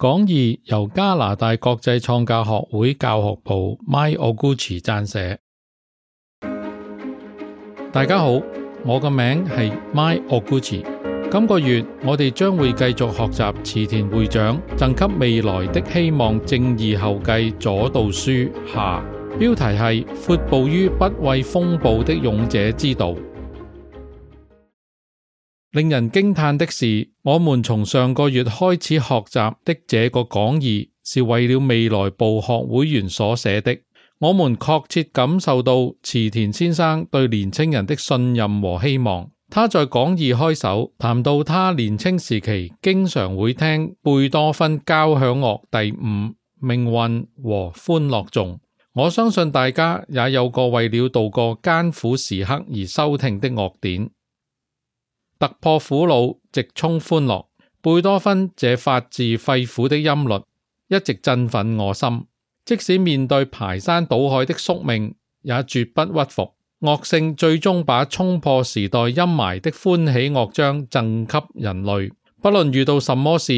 講義由加拿大國際創教學會教學部 Mai Ogushi 撰寫。大家好，我個名係 Mai Ogushi。今個月我哋將會繼續學習池田會長贈給未來的希望正義後繼佐渡書下，標題係闊步於不畏風暴的勇者之道。令人驚嘆的是，我們從上個月開始學習的這個講義，是為了未來部學會員所寫的。我們確切感受到池田先生對年青人的信任和希望。他在講義開首談到，他年青時期經常會聽貝多芬交響樂第五《命運》和《歡樂頌》，我相信大家也有過為了度過艱苦時刻而收聽的樂典。突破苦惱，直衝歡樂。貝多芬這發自肺腑的音律，一直振奮我心。即使面對排山倒海的宿命，也絕不屈服。樂聖最終把衝破時代陰霾的歡喜樂章贈給人類。不論遇到什麼事，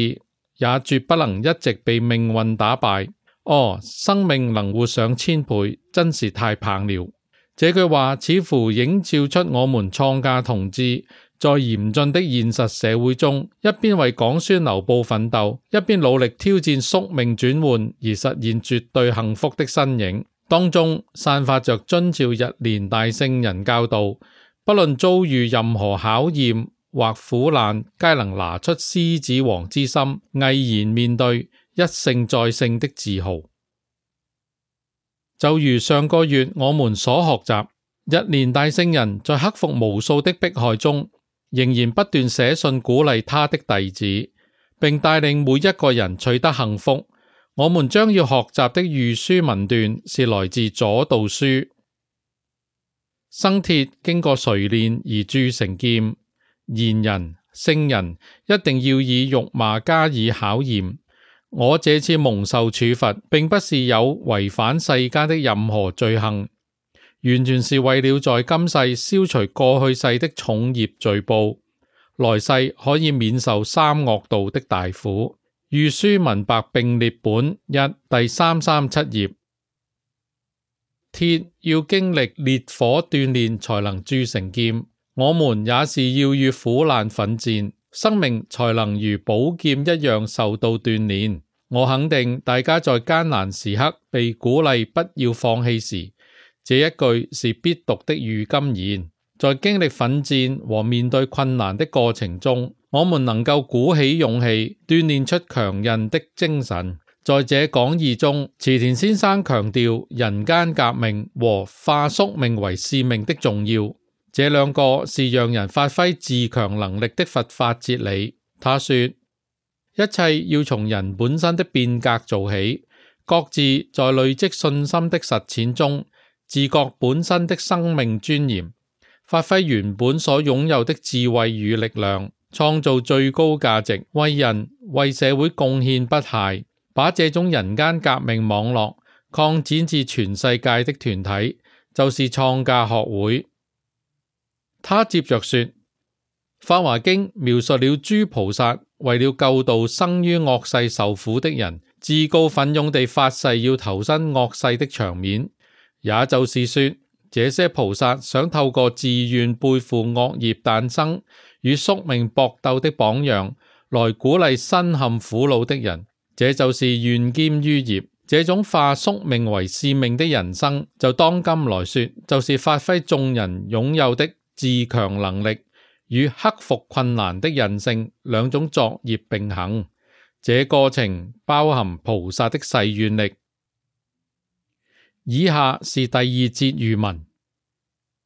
也絕不能一直被命運打敗。哦，生命能活上千倍，真是太棒了！這句話似乎映照出我們創價同志。在嚴峻的現實社會中，一邊為廣宣流布奮鬥，一邊努力挑戰宿命轉換而實現絕對幸福的身影當中，散發着遵照日蓮大聖人教導，不論遭遇任何考驗或苦難，皆能拿出獅子王之心，毅然面對一勝再勝的自豪。就如上個月我們所學習，日蓮大聖人在克服無數的迫害中，仍然不斷寫信鼓勵他的弟子，并帶領每一個人取得幸福。我們將要學習的御書文段是來自佐渡書。生鐵經過錘煉而鑄成劍，賢人、聖人一定要以辱罵加以考驗。我這次蒙受處罰，并不是有違反世間的任何罪行。完全是為了在今世消除過去世的重業罪報，來世可以免受三惡道的大苦。御書文白並列本一第三三七頁，鐵要經歷烈火鍛煉才能鑄成劍，我們也是要與苦難奮戰，生命才能如寶劍一樣受到鍛煉。我肯定大家在艱難時刻被鼓勵不要放棄時。這一句是必讀的御金言，在經歷奮戰和面對困難的過程中，我們能夠鼓起勇氣，鍛煉出強韌的精神。在這講義中，池田先生強調人間革命和化宿命為使命的重要。這兩個是讓人發揮自強能力的佛法哲理。他說：一切要從人本身的變革做起，各自在累積信心的實踐中。自覺本身的生命尊嚴，發揮原本所擁有的智慧與力量，創造最高價值，為人為社會貢獻不懈。把這種人間革命網絡擴展至全世界的團體，就是創價學會。他接着說，《法華經》描述了諸菩薩為了救度生於惡世受苦的人，自告奮勇地發誓要投身惡世的場面。也就是說，這些菩薩想透過自願背負惡業誕生與宿命搏鬥的榜樣，來鼓勵身陷苦惱的人。這就是願兼於業，這種化宿命為使命的人生，就當今來說，就是發揮眾人擁有的自強能力與克服困難的人性兩種作業並行。這過程包含菩薩的誓願力。以下是第二節禦文：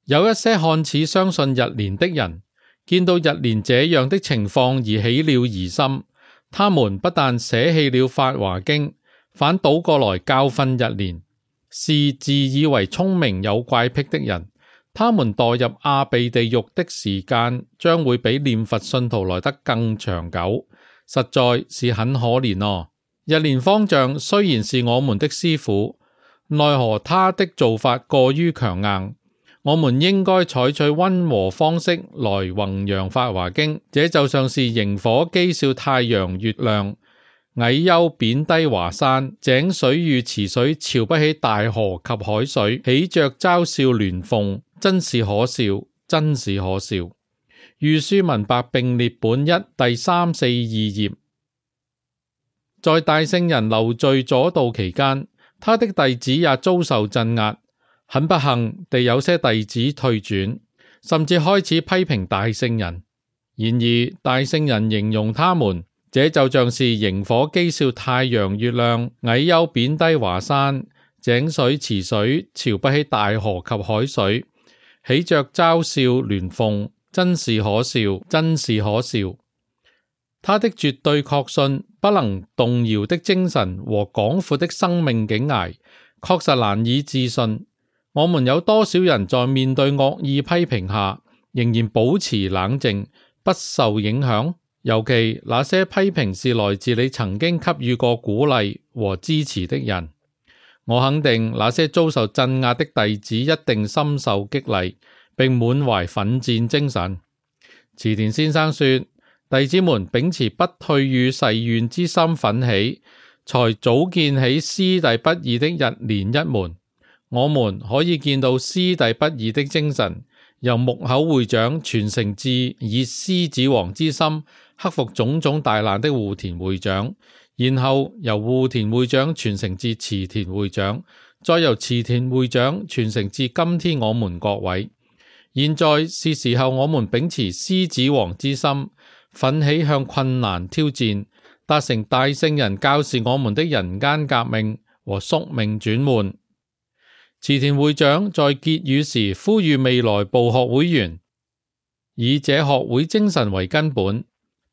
有一些看似相信日蓮的人，見到日蓮這樣的情況而起了疑心，他們不但捨棄了法華經，反倒過來教訓日蓮，是自以為聰明有怪癖的人。他們墮入阿鼻地獄的時間將會比念佛信徒來得更長久，實在是很可憐哦、啊。日蓮方丈雖然是我們的師傅。奈何他的做法過於強硬，我們應該採取溫和方式來弘揚《法華經》。這就像是螢火譏笑太陽、月亮，矮丘貶低華山，井水與池水瞧不起大河及海水，起着嘲笑鸞鳳，真是可笑！真是可笑！《御書文白並列本一》第三四二頁，在大聖人流罪佐渡期間。他的弟子也遭受鎮壓，很不幸地，有些弟子退轉，甚至開始批評大聖人。然而大聖人形容他們，這就像是螢火譏笑太陽、月亮，矮丘貶低華山，井水池水瞧不起大河及海水，喜鵲嘲笑鸞鳳，真是可笑，真是可笑。他的絕對確信、不能動搖的精神和廣闊的生命境涯確實難以置信。我們有多少人在面對惡意批評下，仍然保持冷靜，不受影響？尤其那些批評是來自你曾經給予過鼓勵和支持的人。我肯定那些遭受鎮壓的弟子一定深受激勵，並滿懷奮戰精神。池田先生說：弟子們秉持不退與誓願之心奮起，才組建起師弟不二的日蓮一門。我們可以見到師弟不二的精神由木口會長傳承至以獅子王之心克服種種大難的戶田會長，然後由戶田會長傳承至池田會長，再由池田會長傳承至今天我們各位。現在是時候，我們秉持獅子王之心。奮起向困難挑戰，達成大聖人教示我們的人間革命和宿命轉換。池田會長在結語時呼籲未來部學會員以這學會精神為根本，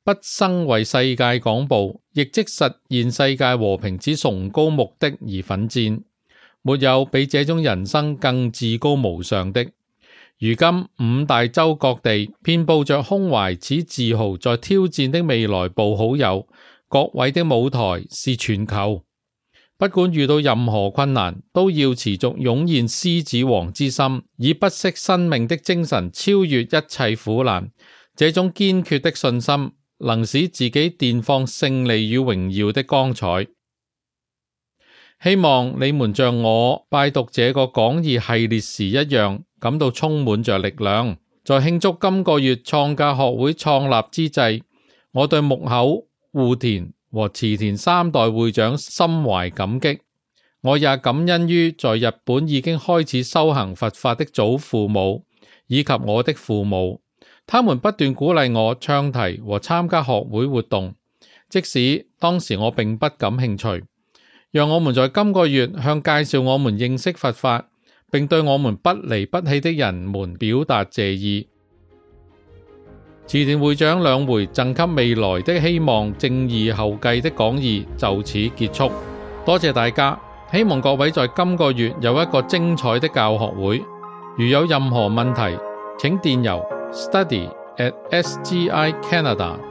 畢生為世界廣布，亦即實現世界和平之崇高目的而奮戰。沒有比這種人生更至高無上的。如今五大洲各地遍佈着胸懷此自豪，在挑戰的未來部好友。各位的舞台是全球，不管遇到任何困難，都要持續湧現獅子王之心，以不惜生命的精神超越一切苦難。這種堅決的信心，能使自己綻放勝利與榮耀的光彩。希望你們像我拜讀這個講義系列時一樣，感到充滿着力量。在慶祝今個月創價學會創立之際，我對牧口、戶田和池田三代會長深懷感激。我也感恩於在日本已經開始修行佛法的祖父母以及我的父母，他們不斷鼓勵我唱題和參加學會活動，即使當時我並不感興趣。讓我們在今個月向介紹我們認識佛法，並對我們不離不棄的人們表達謝意。池田會長兩回贈給未來的希望，正義後繼的講義就此結束。多謝大家，希望各位在今個月有一個精彩的教學會。如有任何問題，請電郵 study@sgiCanada.org。